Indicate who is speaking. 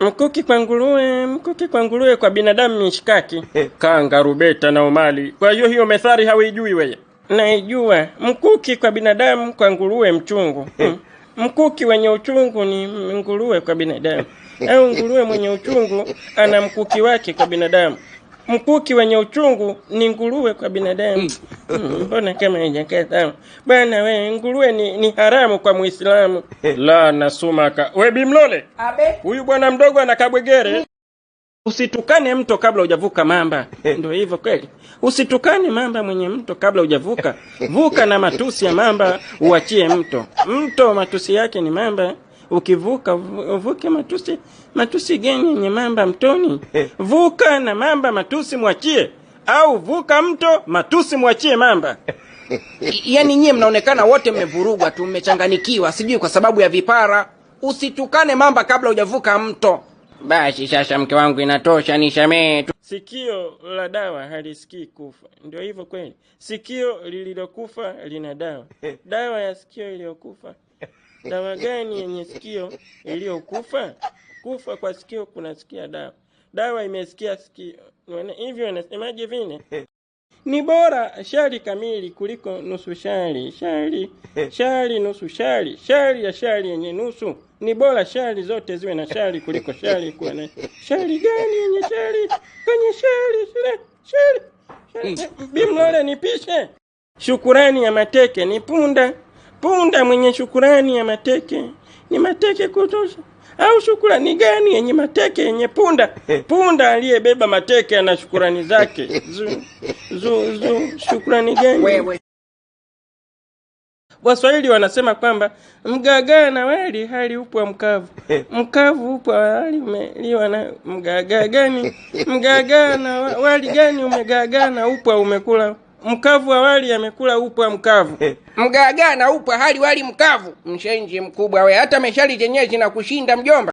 Speaker 1: Mkuki kwa nguruwe, mkuki kwa nguruwe, kwa binadamu mishikaki,
Speaker 2: kanga, rubeta na umali. Kwa hiyo hiyo methari hawijui weye
Speaker 1: Naijua, mkuki kwa binadamu, kwa nguruwe mchungu. Hmm. Mkuki wenye uchungu ni nguruwe kwa binadamu, au nguruwe mwenye uchungu ana mkuki wake kwa binadamu. Mkuki wenye uchungu ni nguruwe kwa binadamu. Hmm. Mm, mbona kama kama ijakata bana, we nguruwe ni, ni haramu kwa Muislamu.
Speaker 2: La nasumaka we bimlole, huyu bwana mdogo ana kabwegere. Mm.
Speaker 3: Usitukane mto kabla hujavuka mamba. Ndio hivyo kweli, usitukane mamba mwenye mto kabla hujavuka. Vuka na matusi ya mamba, uachie mto. Mto matusi yake ni mamba. Ukivuka uvuke matusi, matusi genye yenye mamba mtoni? Vuka na mamba, matusi mwachie au vuka mto, matusi mwachie mamba.
Speaker 4: Yaani nyie mnaonekana wote mmevurugwa tu, mmechanganikiwa, sijui kwa sababu ya vipara. Usitukane mamba kabla hujavuka mto.
Speaker 5: Basi sasa, mke wangu, inatosha, ni tu.
Speaker 6: Sikio la dawa halisikii kufa. Ndio hivyo kweli, sikio lililokufa lina dawa. Dawa ya sikio iliyokufa, dawa gani yenye sikio iliyokufa? Kufa kwa sikio kunasikia dawa dawa imesikia sikio. Hivyo nasemaje vine ni bora shari kamili kuliko nusu shari. Shari shari nusu shari, shari ya shari yenye nusu. Ni bora shari zote ziwe na shari kuliko shari kuwa na shari. Gani yenye shari kwenye shari? Shari shari mm. bimlole nipishe. Shukurani ya mateke ni punda, punda mwenye shukurani ya mateke ni mateke kutosha au shukurani gani yenye mateke yenye punda punda aliyebeba mateke ana shukurani zake zu, zu, zu, shukurani gani waswahili wanasema kwamba mgagaa na wali hali upwa mkavu mkavu upwa wali umeliwa na mgagaa gani mgagaa na wali gani umegagaa na upwa umekula mkavu awali amekula upwa mkavu
Speaker 7: mgaagaa na upwa hali wali mkavu mshenji mkubwa we hata meshali zenyewe zinakushinda mjomba